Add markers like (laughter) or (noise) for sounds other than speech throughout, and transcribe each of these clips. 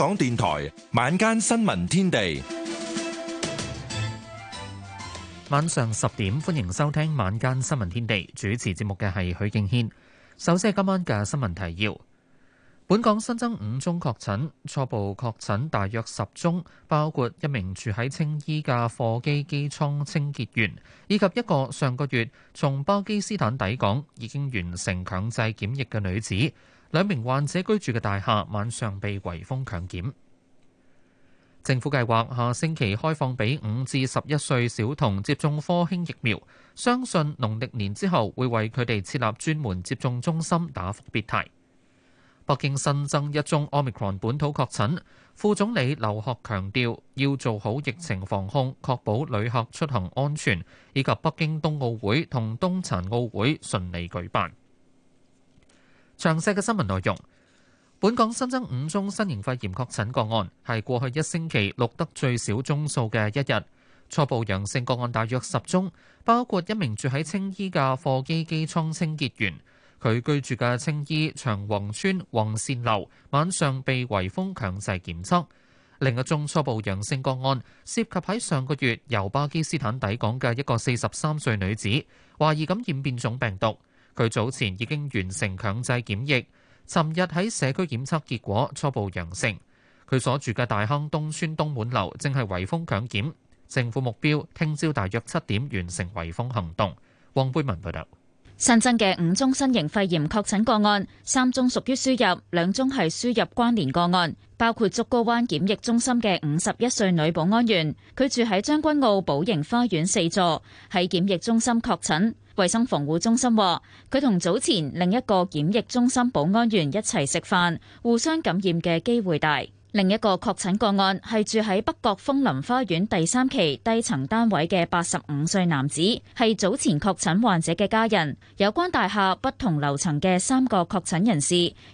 港電台晚間新聞天地。晚上十點，歡迎收聽晚間新聞天地。主持節目嘅係許敬軒。首先係今晚嘅新聞提要。本港新增五宗確診，初步確診大約十宗，包括一名住喺青衣嘅貨機機艙清潔員，以及一個上個月從巴基斯坦抵港已經完成強制檢疫嘅女子。兩名患者居住嘅大廈晚上被圍封強檢。政府計劃下星期開放俾五至十一歲小童接種科興疫苗，相信農曆年之後會為佢哋設立專門接種中心打復必泰。北京新增一宗 Omicron 本土確診，副總理劉鶴強調要做好疫情防控，確保旅客出行安全，以及北京冬奧會同冬殘奧會順利舉辦。詳細嘅新聞內容。本港新增五宗新型肺炎確診個案，係過去一星期錄得最少宗數嘅一日。初步陽性個案大約十宗，包括一名住喺青衣嘅貨機機艙清潔員，佢居住嘅青衣長宏村宏善樓晚上被圍封強制檢測。另一宗初步陽性個案涉及喺上個月由巴基斯坦抵港嘅一個四十三歲女子，懷疑感染變種病毒。佢早前已經完成強制檢疫，尋日喺社區檢測結果初步陽性。佢所住嘅大坑東村東滿樓正係圍封強檢，政府目標聽朝大約七點完成圍封行動。黃貝文報道：新增嘅五宗新型肺炎確診個案，三宗屬於輸入，兩宗係輸入關聯個案，包括竹篙灣檢疫中心嘅五十一歲女保安員，佢住喺將軍澳寶盈花園四座，喺檢疫中心確診。衛生防護中心話，佢同早前另一個檢疫中心保安員一齊食飯，互相感染嘅機會大。另一個確診個案係住喺北角楓林花園第三期低層單位嘅八十五歲男子，係早前確診患者嘅家人。有關大廈不同樓層嘅三個確診人士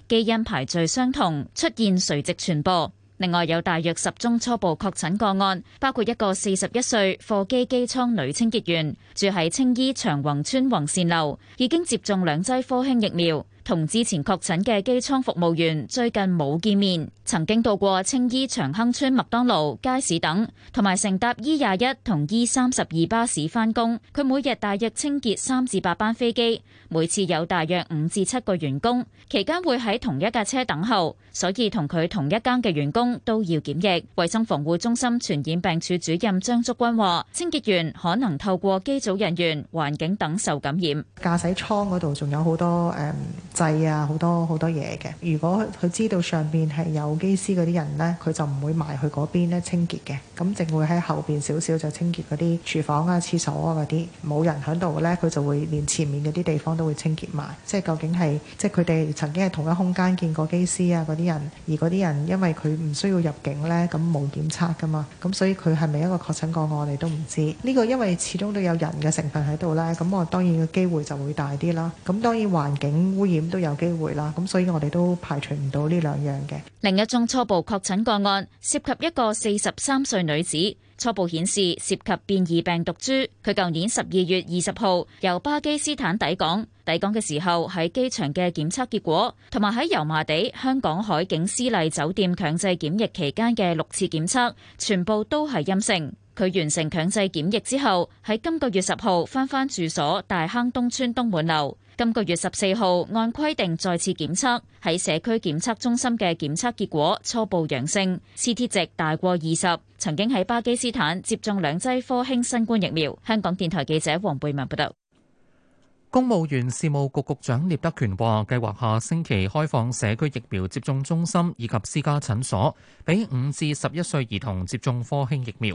基因排序相同，出現垂直傳播。另外有大約十宗初步確診個案，包括一個四十一歲貨機機艙女清潔員，住喺青衣長宏村宏善樓，已經接種兩劑科興疫苗。同之前確診嘅機艙服務員最近冇見面，曾經到過青衣長亨村麥當勞、街市等，同埋乘搭 E 廿一同 E 三十二巴士返工。佢每日大約清潔三至八班飛機，每次有大約五至七個員工，期間會喺同一架車等候，所以同佢同一間嘅員工都要檢疫。衞生防護中心傳染病處主任張竹君話，清潔員可能透過機組人員、環境等受感染。駕駛艙嗰度仲有好多誒。Um, 製啊，好多好多嘢嘅。如果佢知道上面係有機師嗰啲人咧，佢就唔會埋去嗰邊咧，清潔嘅。咁淨會喺後邊少少就清潔嗰啲廚房啊、廁所啊嗰啲。冇人響度咧，佢就會連前面嗰啲地方都會清潔埋。即係究竟係即係佢哋曾經係同一空間見過機師啊嗰啲人，而嗰啲人因為佢唔需要入境咧，咁冇檢測噶嘛。咁所以佢係咪一個確診個案，我哋都唔知。呢個，因為始終都有人嘅成分喺度啦，咁我當然嘅機會就會大啲啦。咁當然環境污染。都有機會啦，咁所以我哋都排除唔到呢兩樣嘅。另一宗初步確診個案涉及一個四十三歲女子，初步顯示涉及變異病毒株。佢舊年十二月二十號由巴基斯坦抵港，抵港嘅時候喺機場嘅檢測結果，同埋喺油麻地香港海景絲麗酒店強制檢疫期間嘅六次檢測，全部都係陰性。佢完成強制檢疫之後，喺今個月十號翻返住所大坑東村東滿樓，今個月十四號按規定再次檢測，喺社區檢測中心嘅檢測結果初步陽性，C T 值大過二十。曾經喺巴基斯坦接種兩劑科興新冠疫苗。香港電台記者黃貝文報道。公務員事務局局，局長聶德權話：計劃下星期開放社區疫苗接種中心以及私家診所，俾五至十一歲兒童接種科興疫苗。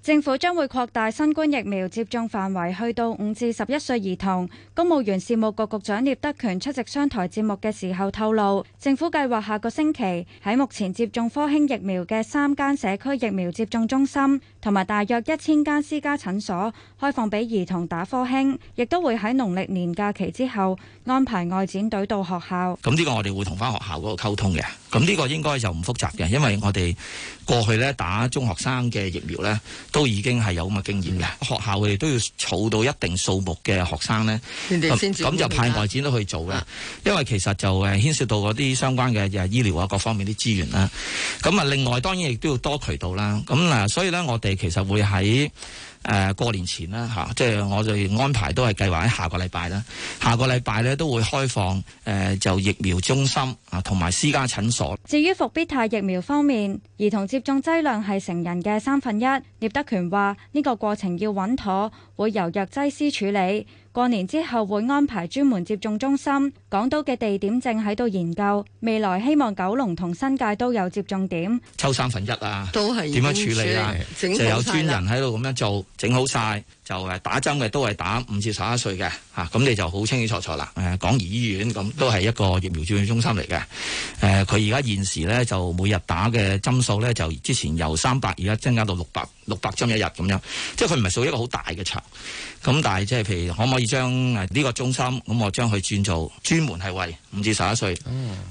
政府將會擴大新冠疫苗接種範圍，去到五至十一歲兒童。公務員事務局局長聶德權出席商台節目嘅時候透露，政府計劃下個星期喺目前接種科興疫苗嘅三間社區疫苗接種中心同埋大約一千間私家診所開放俾兒童打科興，亦都會喺農曆年假期之後安排外展隊到學校。咁呢個我哋會同翻學校嗰個溝通嘅。咁呢個應該就唔複雜嘅，因為我哋過去咧打中學生嘅疫苗咧，都已經係有咁嘅經驗嘅。學校佢哋都要儲到一定數目嘅學生咧，咁後就派外展都去做嘅。嗯、因為其實就誒牽涉到啲相關嘅、就是、醫療啊各方面啲資源啦。咁啊，另外當然亦都要多渠道啦。咁嗱，所以咧我哋其實會喺誒過年前啦吓，即係我哋安排都係計劃喺下個禮拜啦。下個禮拜咧都會開放誒就疫苗中心啊，同埋私家診所。至於復必泰疫苗方面，兒童接種劑量係成人嘅三分一。聶德權話：呢、這個過程要穩妥，會由藥劑師處理。過年之後會安排專門接種中心。港島嘅地點正喺度研究，未來希望九龍同新界都有接種點。抽三分一啊，都係點樣處理啊？理就有專人喺度咁樣做，整好晒就誒打針嘅都係打五至十一歲嘅吓，咁、啊、你就好清清楚楚啦。誒、啊，港怡醫院咁、啊、都係一個疫苗接種中心嚟嘅。誒、啊，佢而家現時咧就每日打嘅針數咧就之前由三百而家增加到六百。六百針一日咁樣，即係佢唔係數一個好大嘅場，咁但係即係譬如可唔可以將誒呢個中心，咁我將佢轉做專門係為五至十一歲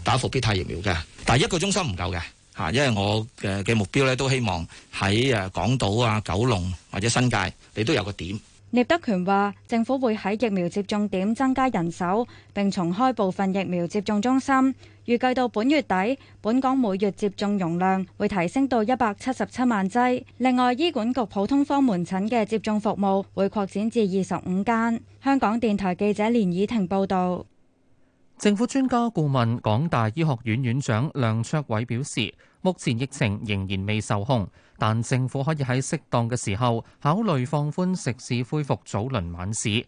打復必泰疫苗嘅。但係一個中心唔夠嘅嚇，因為我嘅嘅目標咧都希望喺誒港島啊、九龍或者新界，你都有個點。聶德權話：政府會喺疫苗接種點增加人手，並重開部分疫苗接種中心。預計到本月底，本港每月接種容量會提升到一百七十七萬劑。另外，醫管局普通科門診嘅接種服務會擴展至二十五間。香港電台記者連以婷報導。政府專家顧問、港大醫學院院長梁卓偉表示，目前疫情仍然未受控，但政府可以喺適當嘅時候考慮放寬食肆恢復早輪晚市。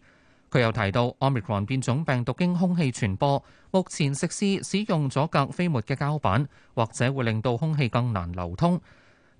佢又提到，Omicron 變種病毒經空氣傳播。目前食肆使用阻隔飛沫嘅膠板，或者會令到空氣更難流通。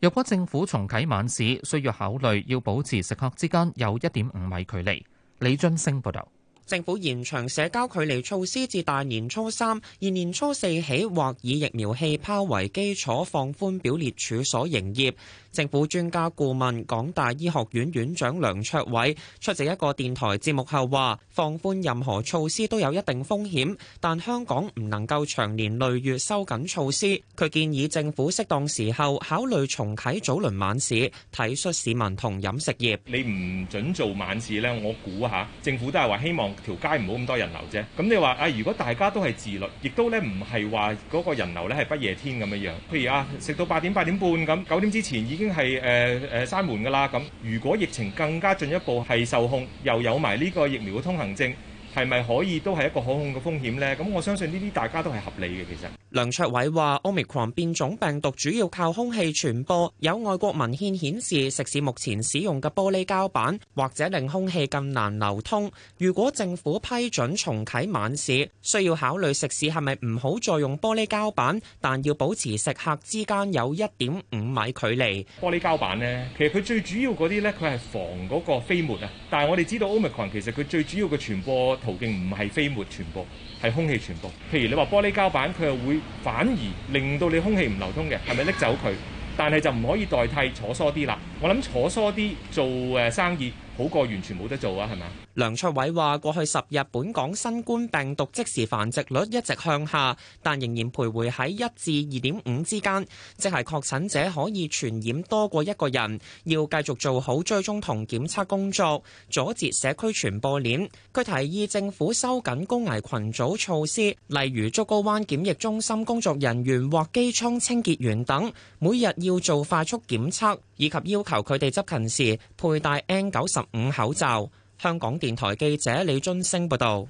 若果政府重啟晚市，需要考慮要保持食客之間有一點五米距離。李津升報道。政府延長社交距離措施至大年初三，而年初四起，或以疫苗氣泡為基礎放寬表列處所營業。政府專家顧問港大醫學院院長梁卓偉出席一個電台節目後話：放寬任何措施都有一定風險，但香港唔能夠長年累月收緊措施。佢建議政府適當時候考慮重啟早輪晚市，體恤市民同飲食業。「你唔準做晚市呢？我估下。」政府都係話希望。條街唔好咁多人流啫，咁你話啊、哎，如果大家都係自律，亦都咧唔係話嗰個人流咧係不夜天咁樣樣，譬如啊，食到八點八點半咁，九點之前已經係誒誒閂門㗎啦。咁如果疫情更加進一步係受控，又有埋呢個疫苗嘅通行證，係咪可以都係一個可控嘅風險呢？咁我相信呢啲大家都係合理嘅，其實。梁卓偉話，Omicron 變種病毒主要靠空氣傳播。有外國文獻顯示，食肆目前使用嘅玻璃膠板，或者令空氣更難流通。如果政府批准重啟晚市，需要考慮食肆係咪唔好再用玻璃膠板，但要保持食客之間有一點五米距離。玻璃膠板呢，其實佢最主要嗰啲呢，佢係防嗰個飛沫啊。但係我哋知道 Omicron 其實佢最主要嘅傳播途徑唔係飛沫傳播，係空氣傳播。譬如你話玻璃膠板，佢係會。反而令到你空氣唔流通嘅，係咪拎走佢？但係就唔可以代替坐疏啲啦。我諗坐疏啲做誒生意。好過完全冇得做啊，係嘛？梁卓偉話：過去十日本港新冠病毒即時繁殖率一直向下，但仍然徘徊喺一至二點五之間，即係確診者可以傳染多過一個人。要繼續做好追蹤同檢測工作，阻截社區傳播鏈。佢提議政府收緊高危群組措施，例如竹篙灣檢疫中心工作人員或機艙清潔員等，每日要做快速檢測，以及要求佢哋執勤時佩戴 N 九十五口罩，香港電台記者李津升報道。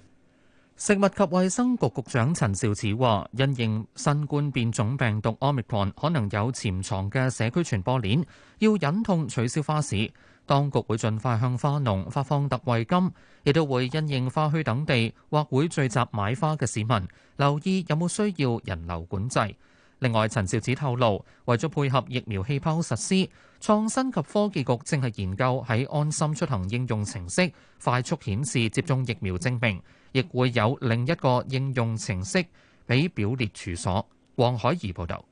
食物及衛生局局長陳肇始話：因應新冠變種病毒奧密克 ron 可能有潛藏嘅社區傳播鏈，要忍痛取消花市。當局會盡快向花農發放特惠金，亦都會因應花墟等地或會聚集買花嘅市民，留意有冇需要人流管制。另外，陳肇始透露，為咗配合疫苗氣泡實施。創新及科技局正係研究喺安心出行應用程式快速顯示接種疫苗證明，亦會有另一個應用程式畀表列處所。黃海怡報導。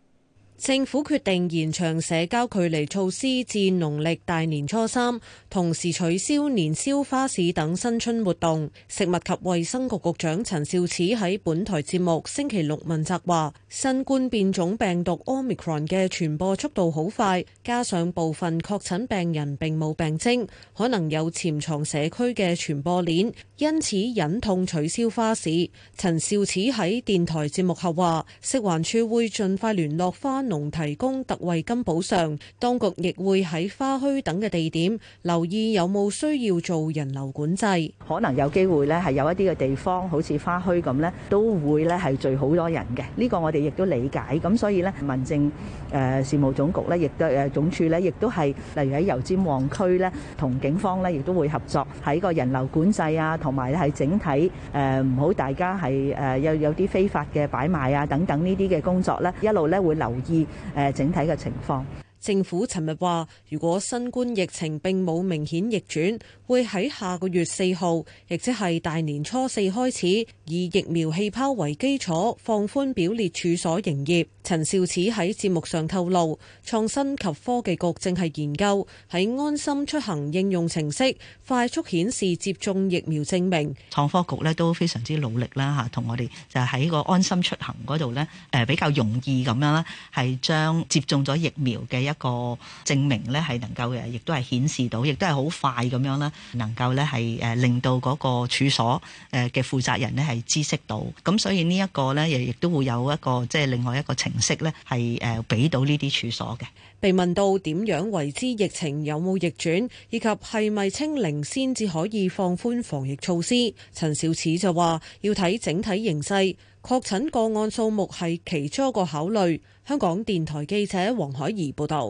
政府決定延長社交距離措施至農曆大年初三，同時取消年宵花市等新春活動。食物及衛生局局長陳肇始喺本台節目星期六問責話，新冠變種病毒 Omicron 嘅傳播速度好快，加上部分確診病人並冇病徵，可能有潛藏社區嘅傳播鏈。因此忍痛取消花市。陳肇始喺電台節目後話，食環署會盡快聯絡花農提供特惠金補償，當局亦會喺花墟等嘅地點留意有冇需要做人流管制。可能有機會咧，係有一啲嘅地方，好似花墟咁咧，都會咧係聚好多人嘅。呢個我哋亦都理解。咁所以咧，民政誒事務總局咧，亦都誒總署咧，亦都係例如喺油尖旺區咧，同警方咧亦都會合作喺個人流管制啊。同埋係整體，誒唔好大家係誒有有啲非法嘅擺賣啊等等呢啲嘅工作咧，一路咧會留意誒整體嘅情況。政府尋日話，如果新冠疫情並冇明顯逆轉，會喺下個月四號，亦即係大年初四開始，以疫苗氣泡為基礎放寬表列處所營業。陳肇始喺節目上透露，創新及科技局正係研究喺安心出行應用程式快速顯示接種疫苗證明。創科局咧都非常之努力啦吓，同我哋就喺個安心出行嗰度咧，誒比較容易咁樣啦，係將接種咗疫苗嘅。一個證明呢，係能夠誒，亦都係顯示到，亦都係好快咁樣啦，能夠呢，係誒令到嗰個處所誒嘅負責人呢，係知悉到，咁所以呢一個呢，亦都會有一個即係、就是、另外一個程式呢，係誒俾到呢啲處所嘅。被問到點樣為之疫情有冇逆轉，以及係咪清零先至可以放寬防疫措施，陳肇始就話要睇整體形勢。確診個案數目係其中一個考慮。香港電台記者黃海怡報道：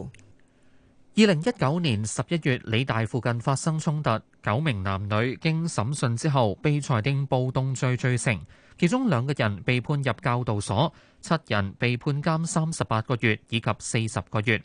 二零一九年十一月，理大附近發生衝突，九名男女經審訊之後被裁定暴動罪罪成，其中兩個人被判入教導所，七人被判監三十八個月以及四十個月。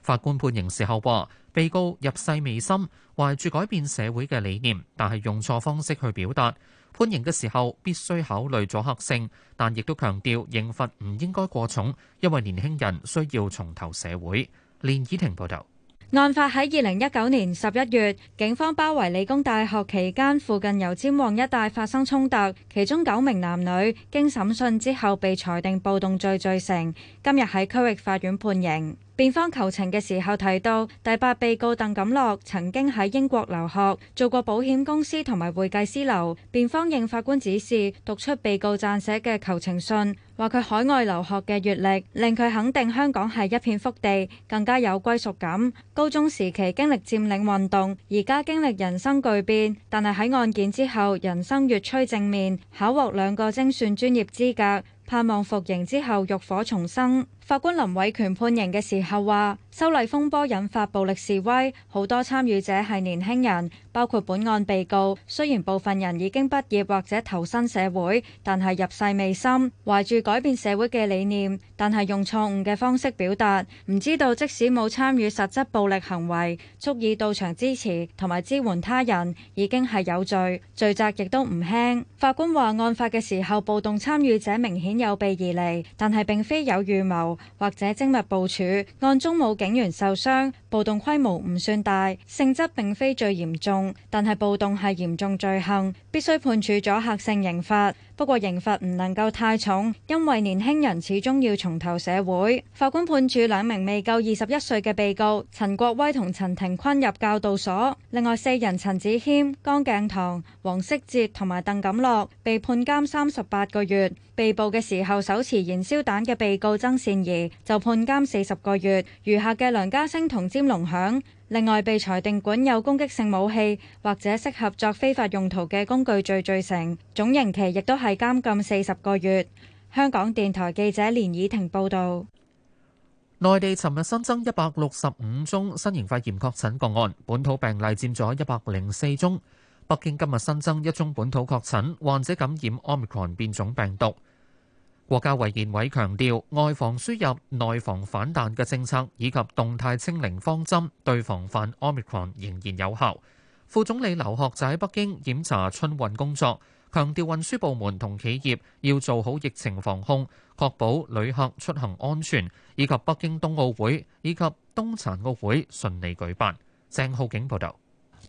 法官判刑時候話：被告入世未深，懷住改變社會嘅理念，但係用錯方式去表達。判刑嘅時候必須考慮阻嚇性，但亦都強調刑罰唔應該過重，因為年輕人需要重投社會。連綺婷報道，案發喺二零一九年十一月，警方包圍理工大學期間，附近油尖旺一帶發生衝突，其中九名男女經審訊之後被裁定暴動罪罪成，今日喺區域法院判刑。辯方求情嘅時候提到，第八被告鄧錦樂曾經喺英國留學，做過保險公司同埋會計師樓。辯方應法官指示讀出被告撰寫嘅求情信，話佢海外留學嘅閱歷令佢肯定香港係一片福地，更加有歸屬感。高中時期經歷佔領運動，而家經歷人生巨變，但係喺案件之後，人生越趨正面，考獲兩個精算專業資格，盼望服刑之後浴火重生。法官林偉權判刑嘅時候話。修例風波引發暴力示威，好多參與者係年輕人，包括本案被告。雖然部分人已經畢業或者投身社會，但係入世未深，懷住改變社會嘅理念，但係用錯誤嘅方式表達。唔知道即使冇參與實質暴力行為，蓄意到場支持同埋支援他人，已經係有罪，罪責亦都唔輕。法官話：案發嘅時候，暴動參與者明顯有備而嚟，但係並非有預謀或者精密部署。案中冇。警員受傷，暴動規模唔算大，性質並非最嚴重，但係暴動係嚴重罪行。必須判處阻嚇性刑罰，不過刑罰唔能夠太重，因為年輕人始終要重投社會。法官判處兩名未夠二十一歲嘅被告陳國威同陳庭坤入教導所，另外四人陳子謙、江鏡堂、黃色哲同埋鄧錦樂被判監三十八個月。被捕嘅時候手持燃燒彈嘅被告曾善儀就判監四十個月，餘下嘅梁家星同詹龍響。另外，被裁定管有攻擊性武器或者適合作非法用途嘅工具罪罪成，總刑期亦都係監禁四十個月。香港電台記者連以婷報導。內地尋日新增一百六十五宗新型肺炎確診個案，本土病例佔咗一百零四宗。北京今日新增一宗本土確診患者感染 Omicron 變種病毒。國家衛健委強調，外防輸入、內防反彈嘅政策以及動態清零方針，對防範奧密克戎仍然有效。副總理劉鶴就喺北京檢查春運工作，強調運輸部門同企業要做好疫情防控，確保旅客出行安全，以及北京冬奧會以及冬殘奧會順利舉辦。鄭浩景報導。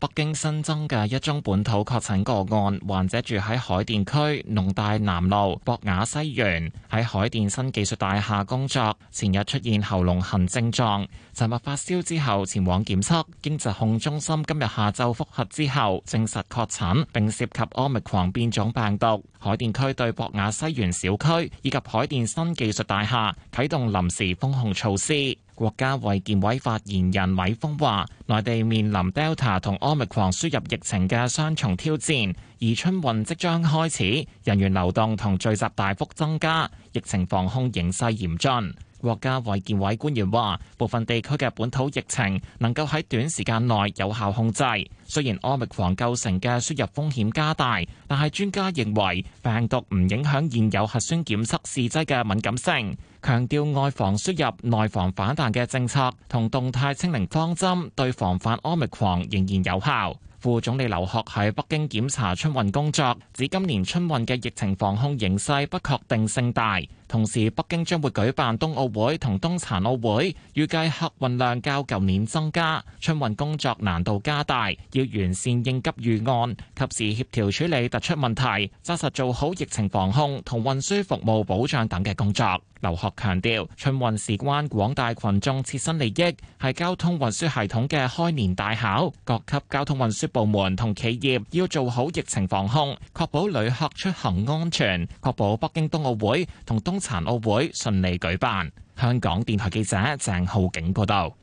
北京新增嘅一宗本土確診個案，患者住喺海淀區農大南路博雅西園，喺海淀新技術大廈工作。前日出現喉嚨痕症狀，尋日發燒之後前往檢測，經疾控中心今日下晝復核之後證實確診，並涉及奧密克戎變種病毒。海淀區對博雅西園小區以及海淀新技術大廈啟動臨時封控措施。國家衛健委發言人米鋒話，內地面臨 Delta 同奧密克戎輸入疫情嘅雙重挑戰，而春運即將開始，人員流動同聚集大幅增加，疫情防控形勢嚴峻。國家衛健委官員話，部分地區嘅本土疫情能夠喺短時間內有效控制。雖然奧密克戎構成嘅輸入風險加大，但係專家認為病毒唔影響現有核酸檢測試劑嘅敏感性。強調外防輸入、內防反彈嘅政策同動態清零方針對防範奧密克戎仍然有效。副總理劉鶴喺北京檢查春運工作，指今年春運嘅疫情防控形勢不確定性大。同時，北京將會舉辦冬奧會同冬殘奧會，預計客運量較舊年增加，春運工作難度加大，要完善應急預案，及時協調處理突出問題，紮實做好疫情防控同運輸服務保障等嘅工作。劉學強調春運事關廣大群眾切身利益，係交通運輸系統嘅開年大考，各級交通運輸部門同企業要做好疫情防控，確保旅客出行安全，確保北京冬奧會同冬。殘奧會順利舉辦。香港電台記者鄭浩景報道。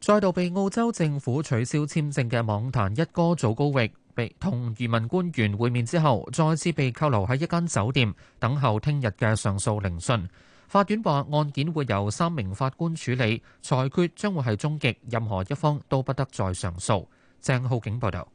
再度被澳洲政府取消簽證嘅網壇一哥祖高域，被同移民官員會面之後，再次被扣留喺一間酒店等候聽日嘅上訴聆訊。法院話案件會由三名法官處理，裁決將會係終極，任何一方都不得再上訴。鄭浩景報道。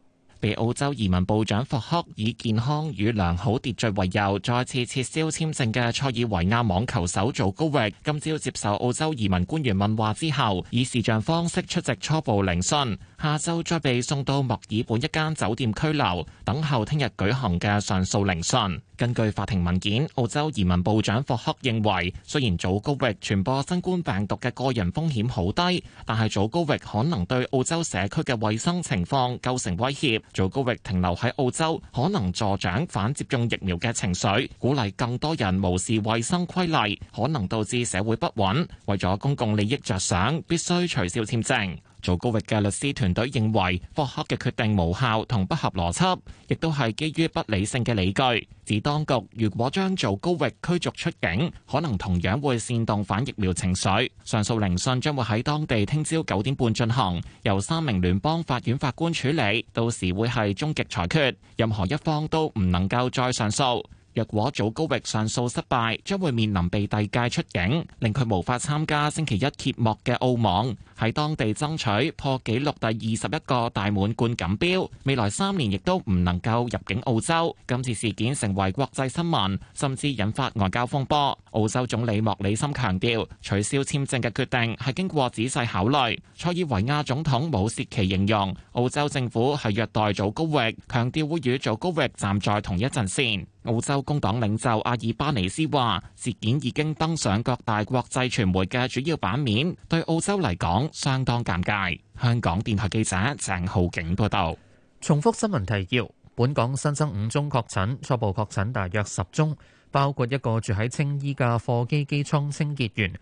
被澳洲移民部長霍克以健康與良好秩序為由，再次撤銷簽證嘅塞爾維亞網球手祖高域，今朝接受澳洲移民官員問話之後，以視像方式出席初步聆訊，下周再被送到墨爾本一間酒店拘留，等候聽日舉行嘅上訴聆訊。根據法庭文件，澳洲移民部長霍克認為，雖然祖高域傳播新冠病毒嘅個人風險好低，但係祖高域可能對澳洲社區嘅衞生情況構成威脅。祖高域停留喺澳洲，可能助長反接種疫苗嘅情緒，鼓勵更多人無視衞生規例，可能導致社會不穩。為咗公共利益着想，必須取消簽證。做高域嘅律師團隊認為霍克嘅決定無效同不合邏輯，亦都係基於不理性嘅理據，指當局如果將做高域驅逐出境，可能同樣會煽動反疫苗情緒。上訴聆訊將會喺當地聽朝九點半進行，由三名聯邦法院法官處理，到時會係終極裁決，任何一方都唔能夠再上訴。若果祖高域上訴失敗，將會面臨被遞解出境，令佢無法參加星期一揭幕嘅澳網，喺當地爭取破紀錄第二十一個大滿貫錦標。未來三年亦都唔能夠入境澳洲。今次事件成為國際新聞，甚至引發外交風波。澳洲總理莫里森強調取消簽證嘅決定係經過仔細考慮，塞爾維亞總統武切奇形容澳洲政府係虐待祖高域，強調會與祖高域站在同一陣線。澳洲工黨領袖阿爾巴尼斯話：事件已經登上各大國際傳媒嘅主要版面，對澳洲嚟講相當尷尬。香港電台記者鄭浩景報道。重複新聞提要：本港新增五宗確診，初步確診大約十宗，包括一個住喺青衣嘅貨機機艙清潔員，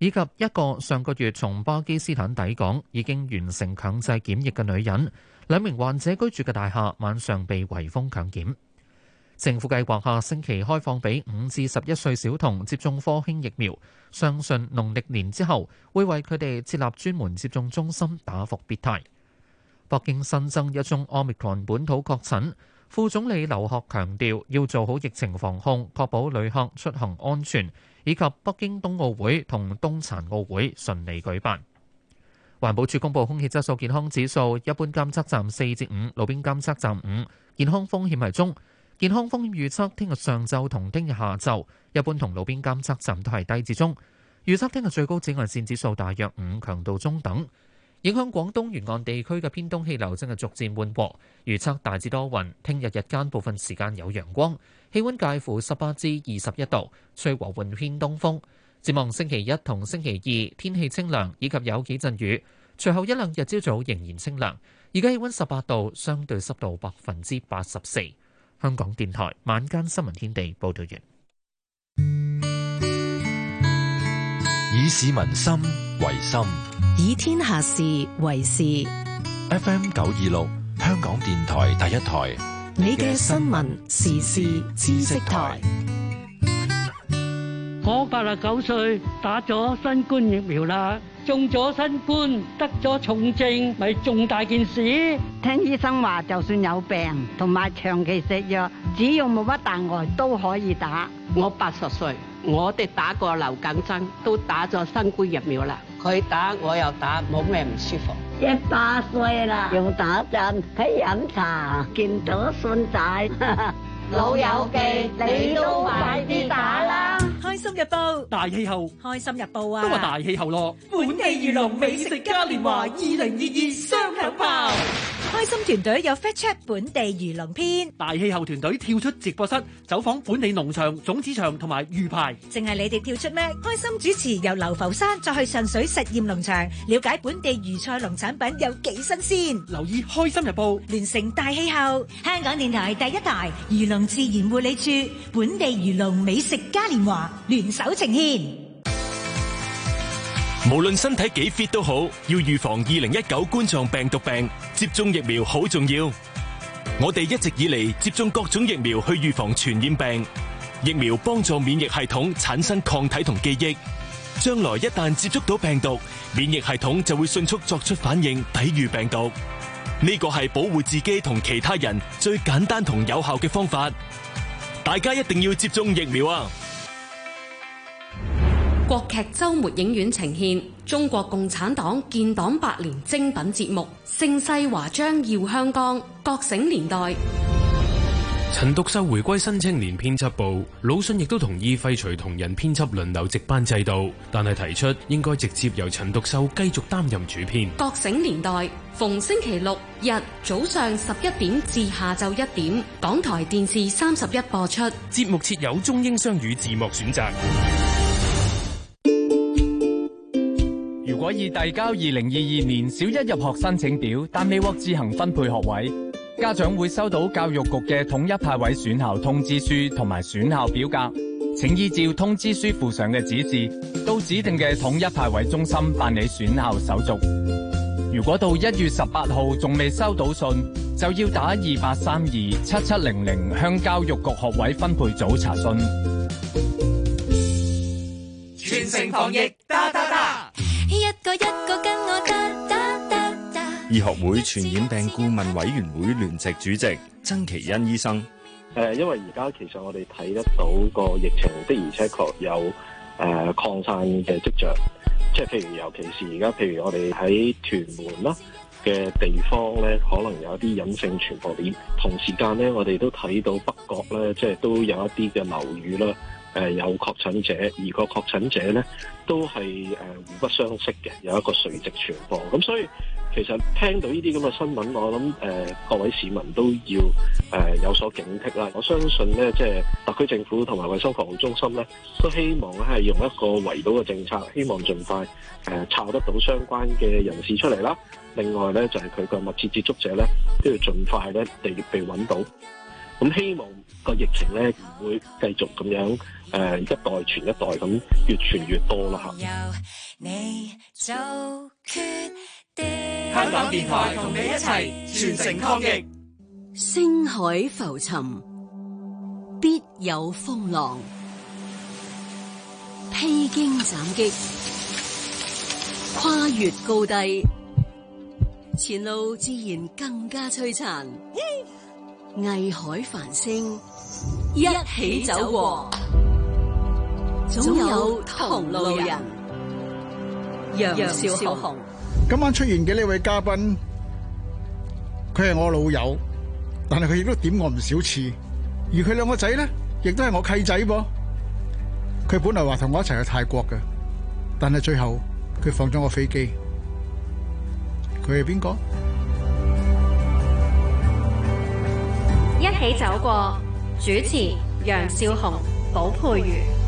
以及一個上個月從巴基斯坦抵港、已經完成強制檢疫嘅女人。兩名患者居住嘅大廈晚上被圍封強檢。政府計劃下星期開放俾五至十一歲小童接種科興疫苗，相信農曆年之後會為佢哋設立專門接種中心打復必泰。北京新增一宗 Omicron 本土確診，副總理劉鶴強調要做好疫情防控，確保旅客出行安全以及北京冬奧會同冬殘奧會順利舉辦。環保署公布空氣質素健康指數，一般監測站四至五，路邊監測站五，健康風險係中。健康風險預測：聽日上晝同聽日下晝，一般同路邊監測站都係低至中。預測聽日最高紫外線指數大約五，強度中等。影響廣東沿岸地區嘅偏東氣流真係逐漸緩和，預測大致多雲，聽日日間部分時間有陽光，氣溫介乎十八至二十一度，吹和緩偏東風。展望，星期一同星期二天氣清涼，以及有幾陣雨。隨後一兩日朝早仍然清涼。而家氣溫十八度，相對濕度百分之八十四。香港電台晚間新聞天地報道完，以市民心為心，以天下事為事。FM 九二六，香港電台第一台，你嘅新聞時事知識台。我八十九歲打咗新冠疫苗啦，中咗新冠得咗重症咪重大件事。聽醫生話，就算有病同埋長期食藥，只要冇乜大礙都可以打。我八十歲，我哋打過流感針，都打咗新冠疫苗啦。佢打我又打，冇咩唔舒服。一百歲啦，用打針，去飲茶，見到信仔。老友記，你都快啲打啦！《開心日報》大氣候，《開心日報》啊，都話大氣候咯，啊！本地娛樂美食嘉年華，二零二二雙響炮。開心團隊有 fetch up 本地漁農篇，大氣候團隊跳出直播室，走訪本地農場、種子場同埋魚排，淨係你哋跳出咩？開心主持由流浮山再去上水實驗農場，了解本地漁菜農產品有幾新鮮？留意開心日報聯成大氣候，香港電台第一台漁農自然護理處本地漁農美食嘉年華聯手呈獻。無論身體幾 fit 都好，要預防二零一九冠狀病毒病，接種疫苗好重要。我哋一直以嚟接種各種疫苗去預防傳染病，疫苗幫助免疫系統產生抗體同記憶，將來一旦接觸到病毒，免疫系統就會迅速作出反應，抵禦病毒。呢個係保護自己同其他人最簡單同有效嘅方法，大家一定要接種疫苗啊！國劇周末影院呈現中國共產黨建黨百年精品節目《盛世華章耀香江》，覺醒年代。陳獨秀回歸新青年編輯部，魯迅亦都同意廢除同仁編輯輪流值班制度，但係提出應該直接由陳獨秀繼續擔任主編。覺醒年代逢星期六日早上十一點至下晝一點，港台電視三十一播出。節目設有中英雙語字幕選擇。可以遞交二零二二年小一入學申請表，但未獲自行分配學位。家長會收到教育局嘅統一派位選校通知書同埋選校表格，請依照通知書附上嘅指示，到指定嘅統一派位中心辦理選校手續。如果到一月十八號仲未收到信，就要打二八三二七七零零向教育局學位分配組查詢。全城防疫，打打。醫學會傳染病顧問委員會聯席主席曾其恩醫生，誒，因為而家其實我哋睇得到個疫情的而且確有誒擴散嘅跡象，即係，譬如尤其是而家，譬如我哋喺屯門啦嘅地方咧，可能有一啲隱性傳播鏈，同時間咧我哋都睇到北角咧，即係，都有一啲嘅樓宇啦，誒，有確診者，而個確診者咧都係誒互不相識嘅，有一個垂直傳播，咁所以。其實聽到呢啲咁嘅新聞，我諗誒各位市民都要誒有所警惕啦。我相信咧，即係特區政府同埋衞生防護中心咧，都希望咧係用一個圍堵嘅政策，希望盡快誒抄得到相關嘅人士出嚟啦。另外咧，就係佢嘅密切接觸者咧，都要盡快咧地被揾到。咁希望個疫情咧唔會繼續咁樣誒一代傳一代咁越傳越多咯嚇。香港電臺同你一齊全城抗疫。星海浮沉，必有風浪；披荊斬棘，跨越高低，前路自然更加璀璨。藝 (laughs) 海繁星，一起走過，總有同路人。楊少，少雄。今晚出現嘅呢位嘉賓，佢係我老友，但係佢亦都點我唔少次，而佢兩個仔咧，亦都係我契仔噃。佢本來話同我一齊去泰國嘅，但係最後佢放咗我飛機。佢係邊個？一起走過，主持楊少雄、寶佩如。